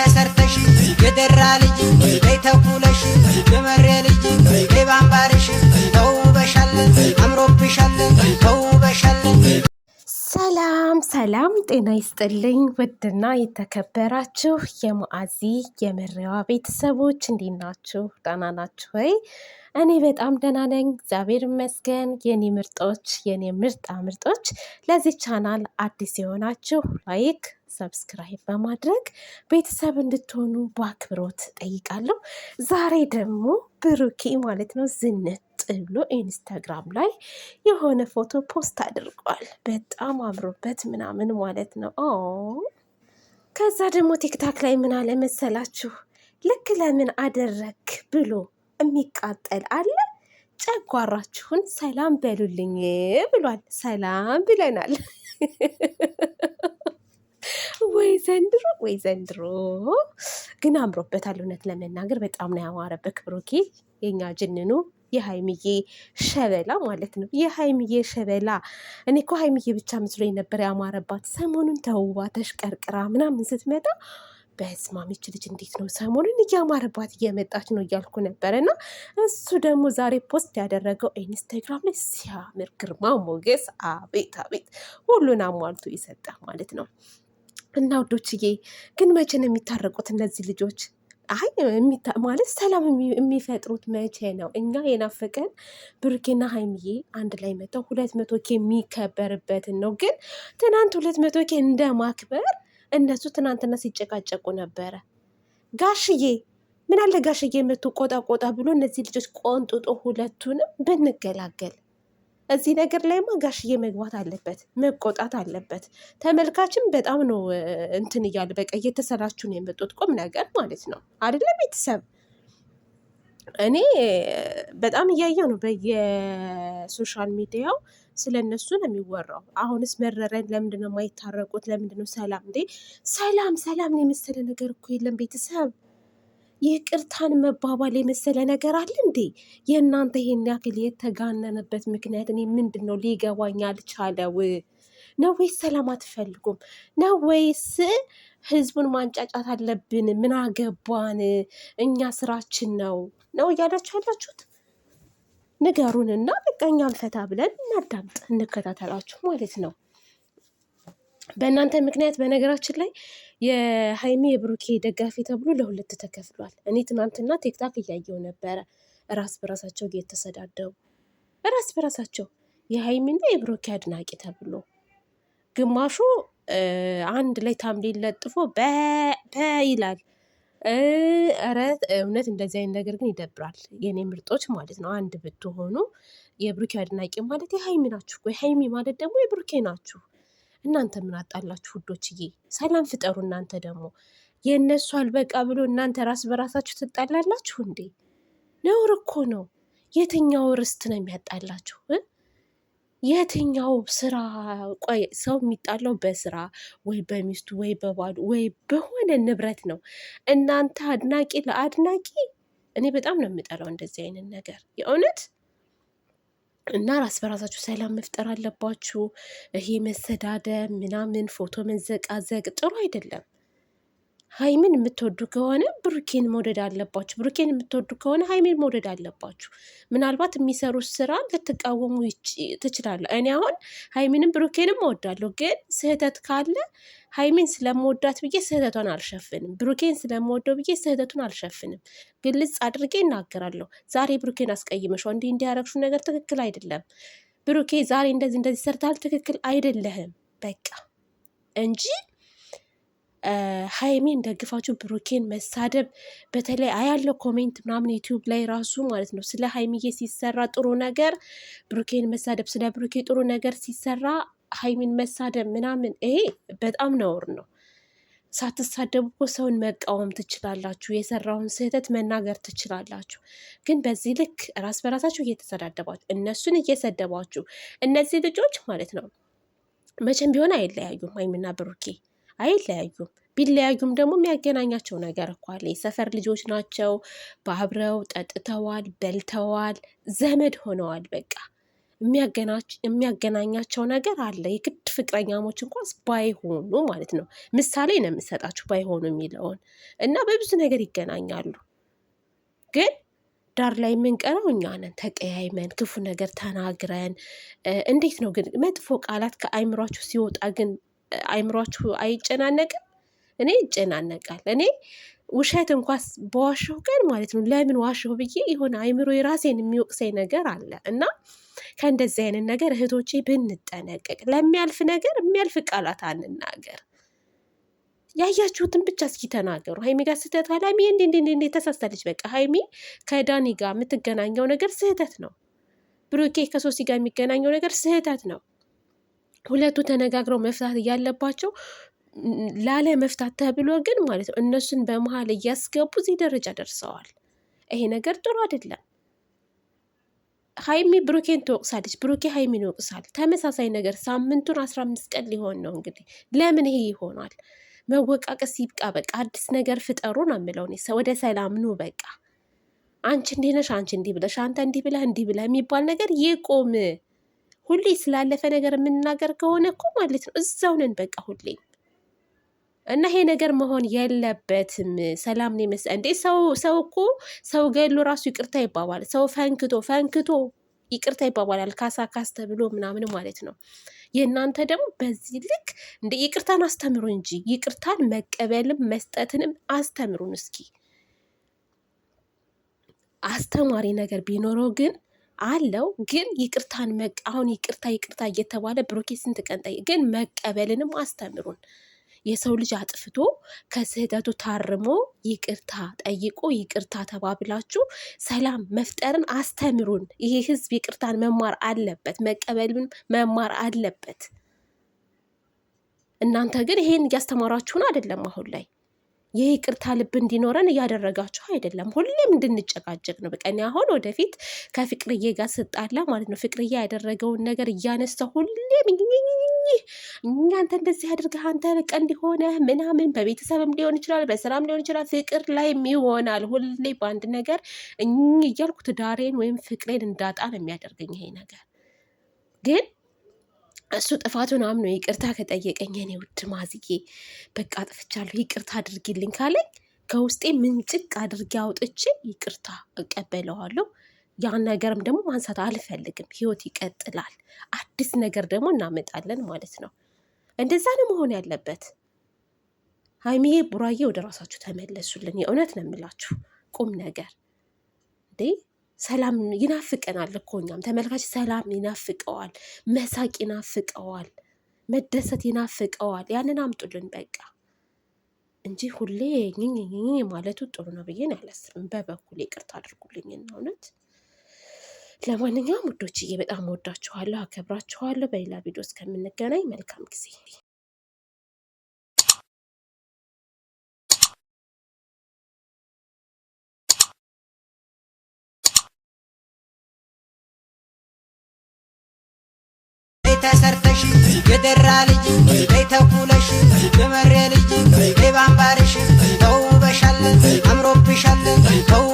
ተሰርተሽ የደራ ልጅ በይ የመሬ ልጅ በይ ሰላም ሰላም፣ ጤና ይስጥልኝ ውድና የተከበራችሁ የሙአዚ የመሪዋ ቤተሰቦች እንዴት ናችሁ? ደህና ናችሁ ወይ? እኔ በጣም ደህና ነኝ፣ እግዚአብሔር ይመስገን። የኔ ምርጦች፣ የኔ ምርጣ ምርጦች፣ ለዚህ ቻናል አዲስ የሆናችሁ ላይክ፣ ሰብስክራይብ በማድረግ ቤተሰብ እንድትሆኑ በአክብሮት ጠይቃለሁ። ዛሬ ደግሞ ብሩኪ ማለት ነው ዝንት ብሎ ኢንስታግራም ላይ የሆነ ፎቶ ፖስት አድርጓል። በጣም አምሮበት ምናምን ማለት ነው። ከዛ ደግሞ ቲክታክ ላይ ምን አለ መሰላችሁ? ልክ ለምን አደረክ ብሎ የሚቃጠል አለ። ጨጓራችሁን ሰላም በሉልኝ ብሏል። ሰላም ብለናል። ወይ ዘንድሮ ወይ ዘንድሮ ግን አምሮበታል። እውነት ለመናገር በጣም ነው ያማረበት። ክብሮኬ የኛ ጅንኑ የሀይምዬ ሸበላ ማለት ነው። የሀይምዬ ሸበላ እኔ እኮ ሀይምዬ ብቻ መስሎኝ ነበር ያማረባት። ሰሞኑን ተውባ ተሽቀርቅራ ምናምን ስትመጣ በስማሚች ልጅ እንዴት ነው ሰሞኑን እያማረባት እየመጣች ነው እያልኩ ነበር። እና እሱ ደግሞ ዛሬ ፖስት ያደረገው ኢንስታግራም ላይ ሲያምር ግርማ ሞገስ፣ አቤት አቤት፣ ሁሉን አሟልቶ ይሰጣል ማለት ነው። እና ውዶችዬ ግን መቼ ነው የሚታረቁት እነዚህ ልጆች? አይ ማለት ሰላም የሚፈጥሩት መቼ ነው? እኛ የናፈቀን ብሩኬና ሀይሚዬ አንድ ላይ መጥተው ሁለት መቶ ኬ የሚከበርበትን ነው። ግን ትናንት ሁለት መቶ ኬ እንደ ማክበር እነሱ ትናንትና ሲጨቃጨቁ ነበረ። ጋሽዬ ምን አለ ጋሽዬ መቶ ቆጣ ቆጣ ብሎ እነዚህ ልጆች ቆንጥጦ ሁለቱንም ብንገላገል እዚህ ነገር ላይማ ጋሽዬ መግባት አለበት፣ መቆጣት አለበት። ተመልካችን በጣም ነው እንትን እያለ በቃ እየተሰላችሁ ነው የመጡት። ቁም ነገር ማለት ነው አይደለ ቤተሰብ እኔ በጣም እያየ ነው በየሶሻል ሚዲያው ስለ እነሱ ነው የሚወራው። አሁንስ መረረን። ለምንድነው የማይታረቁት? ለምንድነው ሰላም እንዴ? ሰላም ሰላም የመሰለ ነገር እኮ የለም ቤተሰብ ይቅርታን መባባል የመሰለ ነገር አለ እንዴ? የእናንተ ይሄን ያክል የተጋነነበት ምክንያት እኔ ምንድን ነው ሊገባኝ አልቻለው። ነው ወይስ ሰላም አትፈልጉም? ነው ወይስ ህዝቡን ማንጫጫት አለብን? ምን አገባን እኛ ስራችን ነው ነው እያላችሁ ያላችሁት ንገሩንና በቃ እኛም ፈታ ብለን እናዳምጥ እንከታተላችሁ ማለት ነው። በእናንተ ምክንያት በነገራችን ላይ የሀይሚ የብሩኬ ደጋፊ ተብሎ ለሁለት ተከፍሏል። እኔ ትናንትና ቲክታክ እያየው ነበረ። ራስ በራሳቸው የተሰዳደቡ ራስ በራሳቸው የሀይሚና የብሩኬ አድናቂ ተብሎ ግማሹ አንድ ላይ ታምሌን ለጥፎ በ ይላል። ኧረ እውነት እንደዚህ አይነት ነገር ግን ይደብራል። የእኔ ምርጦች ማለት ነው አንድ ብትሆኑ የብሩኬ አድናቂ ማለት የሀይሚ ናችሁ። የሀይሚ ማለት ደግሞ የብሩኬ ናችሁ። እናንተ ምን አጣላችሁ ውዶችዬ? ሰላም ፍጠሩ። እናንተ ደግሞ የእነሱ አልበቃ ብሎ እናንተ ራስ በራሳችሁ ትጣላላችሁ እንዴ? ነውር እኮ ነው። የትኛው ርስት ነው የሚያጣላችሁ? የትኛው ስራ? ቆይ ሰው የሚጣለው በስራ ወይ በሚስቱ ወይ በባሉ ወይ በሆነ ንብረት ነው። እናንተ አድናቂ ለአድናቂ እኔ በጣም ነው የምጠላው እንደዚህ አይነት ነገር የእውነት እና ራስ በራሳችሁ ሰላም መፍጠር አለባችሁ። ይሄ መሰዳደ ምናምን ፎቶ መዘቃዘቅ ጥሩ አይደለም። ሀይሚን የምትወዱ ከሆነ ብሩኬን መውደድ አለባችሁ። ብሩኬን የምትወዱ ከሆነ ሀይሚን መውደድ አለባችሁ። ምናልባት የሚሰሩት ስራ ልትቃወሙ ትችላለ። እኔ አሁን ሀይሚንም ብሩኬንም እወዳለሁ፣ ግን ስህተት ካለ ሀይሚን ስለመወዳት ብዬ ስህተቷን አልሸፍንም፣ ብሩኬን ስለመወደው ብዬ ስህተቱን አልሸፍንም። ግልጽ አድርጌ ይናገራለሁ። ዛሬ ብሩኬን አስቀይመሸው እንዲህ እንዲያረግሹ ነገር ትክክል አይደለም። ብሩኬ ዛሬ እንደዚህ እንደዚህ ሰርታል፣ ትክክል አይደለህም በቃ እንጂ ሀይሜን ደግፋችሁ ብሩኬን መሳደብ በተለይ አያለው ኮሜንት ምናምን ዩቲዩብ ላይ ራሱ ማለት ነው። ስለ ሀይሚዬ ሲሰራ ጥሩ ነገር ብሩኬን መሳደብ፣ ስለ ብሩኬ ጥሩ ነገር ሲሰራ ሀይሚን መሳደብ ምናምን ይሄ በጣም ነውር ነው። ሳትሳደቡ እኮ ሰውን መቃወም ትችላላችሁ፣ የሰራውን ስህተት መናገር ትችላላችሁ። ግን በዚህ ልክ ራስ በራሳችሁ እየተሰዳደባችሁ እነሱን እየሰደባችሁ እነዚህ ልጆች ማለት ነው መቼም ቢሆን አይለያዩም ሀይሚና ብሩኬ አይለያዩም። ቢለያዩም ደግሞ የሚያገናኛቸው ነገር እኮ አለ። የሰፈር ልጆች ናቸው። ባብረው ጠጥተዋል፣ በልተዋል፣ ዘመድ ሆነዋል። በቃ የሚያገናኛቸው ነገር አለ። የግድ ፍቅረኛሞች እንኳስ ባይሆኑ ማለት ነው። ምሳሌ ነው የምሰጣችሁ ባይሆኑ የሚለውን እና በብዙ ነገር ይገናኛሉ። ግን ዳር ላይ የምንቀረው እኛ ነን። ተቀያይመን ክፉ ነገር ተናግረን እንዴት ነው ግን መጥፎ ቃላት ከአይምሯችሁ ሲወጣ ግን አይምሯችሁ አይጨናነቅም? እኔ ይጨናነቃል። እኔ ውሸት እንኳስ በዋሸሁ ቀን ማለት ነው ለምን ዋሸሁ ብዬ የሆነ አይምሮ የራሴን የሚወቅሰኝ ነገር አለ እና ከእንደዚህ አይነት ነገር እህቶቼ ብንጠነቀቅ፣ ለሚያልፍ ነገር የሚያልፍ ቃላት አንናገር። ያያችሁትን ብቻ እስኪ ተናገሩ። ሀይሚ ጋር ስህተት ሀላሚ እንዲ እንዲ በቃ ሀይሚ ከዳኒ ጋር የምትገናኘው ነገር ስህተት ነው። ብሩኬ ከሶስት ጋር የሚገናኘው ነገር ስህተት ነው። ሁለቱ ተነጋግረው መፍታት እያለባቸው ላለ መፍታት ተብሎ ግን ማለት ነው እነሱን በመሀል እያስገቡ እዚህ ደረጃ ደርሰዋል። ይሄ ነገር ጥሩ አይደለም። ሀይሚ ብሩኬን ትወቅሳለች፣ ብሩኬ ሀይሚን ይወቅሳል። ተመሳሳይ ነገር ሳምንቱን አስራ አምስት ቀን ሊሆን ነው እንግዲህ። ለምን ይሄ ይሆናል? መወቃቀስ ይብቃ። በቃ አዲስ ነገር ፍጠሩ ነው የምለው ወደ ሰላም ኑ በቃ። አንቺ እንዲህ ነሽ፣ አንቺ እንዲህ ብለሽ፣ አንተ እንዲህ ብለህ፣ እንዲህ ብለህ የሚባል ነገር ይቁም። ሁሌ ስላለፈ ነገር የምንናገር ከሆነ እኮ ማለት ነው እዛው ነን በቃ ሁሌ። እና ይሄ ነገር መሆን የለበትም። ሰላም ነው ይመስል እንዴ ሰው ሰው እኮ ሰው ገሎ ራሱ ይቅርታ ይባባል። ሰው ፈንክቶ ፈንክቶ ይቅርታ ይባባላል። ካሳ ካስ ተብሎ ምናምን ማለት ነው። የእናንተ ደግሞ በዚህ ልክ እንደ ይቅርታን አስተምሩ እንጂ ይቅርታን መቀበልም መስጠትንም አስተምሩን እስኪ። አስተማሪ ነገር ቢኖረው ግን አለው ግን ይቅርታን አሁን ይቅርታ ይቅርታ እየተባለ ብሩኬ ስንት ቀን ጠይቅ ግን መቀበልንም አስተምሩን። የሰው ልጅ አጥፍቶ ከስህተቱ ታርሞ ይቅርታ ጠይቆ ይቅርታ ተባብላችሁ ሰላም መፍጠርን አስተምሩን። ይሄ ህዝብ ይቅርታን መማር አለበት፣ መቀበልን መማር አለበት። እናንተ ግን ይሄን እያስተማራችሁን አይደለም አሁን ላይ የይቅርታ ልብ እንዲኖረን እያደረጋችሁ አይደለም። ሁሌም እንድንጨቃጨቅ ነው። በቀን አሁን ወደፊት ከፍቅርዬ ጋር ስጣላ ማለት ነው ፍቅርዬ ያደረገውን ነገር እያነሳሁ ሁሌም እኛንተ እንደዚህ አድርገ አንተ በቃ እንዲሆነ ምናምን በቤተሰብም ሊሆን ይችላል፣ በስራም ሊሆን ይችላል፣ ፍቅር ላይም ይሆናል። ሁሌ በአንድ ነገር እኝ እያልኩ ትዳሬን ወይም ፍቅሬን እንዳጣ ነው የሚያደርገኝ ይሄ ነገር ግን እሱ ጥፋቱን አምኖ ይቅርታ ከጠየቀኝ እኔ ውድ ማዝጌ በቃ አጥፍቻለሁ ይቅርታ አድርጊልኝ ካለኝ ከውስጤ ምንጭቅ አድርጌ አውጥቼ ይቅርታ እቀበለዋለሁ። ያን ነገርም ደግሞ ማንሳት አልፈልግም። ህይወት ይቀጥላል። አዲስ ነገር ደግሞ እናመጣለን ማለት ነው። እንደዛ ነው መሆን ያለበት። ሀይሚዬ፣ ቡራዬ ወደ ራሳችሁ ተመለሱልን። የእውነት ነው የምላችሁ ቁም ነገር እንዴ ሰላም ይናፍቀናል እኮ እኛም ተመልካች ሰላም ይናፍቀዋል፣ መሳቅ ይናፍቀዋል፣ መደሰት ይናፍቀዋል። ያንን አምጡልን በቃ እንጂ ሁሌ ማለቱ ጥሩ ነው ብዬ አላስብም። በበኩል ይቅርታ አድርጉልኝ እውነት ለማንኛውም ውዶችዬ በጣም ወዳችኋለሁ፣ አከብራችኋለሁ። በሌላ ቪዲዮ እስከምንገናኝ መልካም ጊዜ ተሰርተሽ የደራ ልጅ በይ ተኩለሽ የመሬ ልጅ በይ ባምባርሽ ተውበሻለን አምሮብሻለን ተው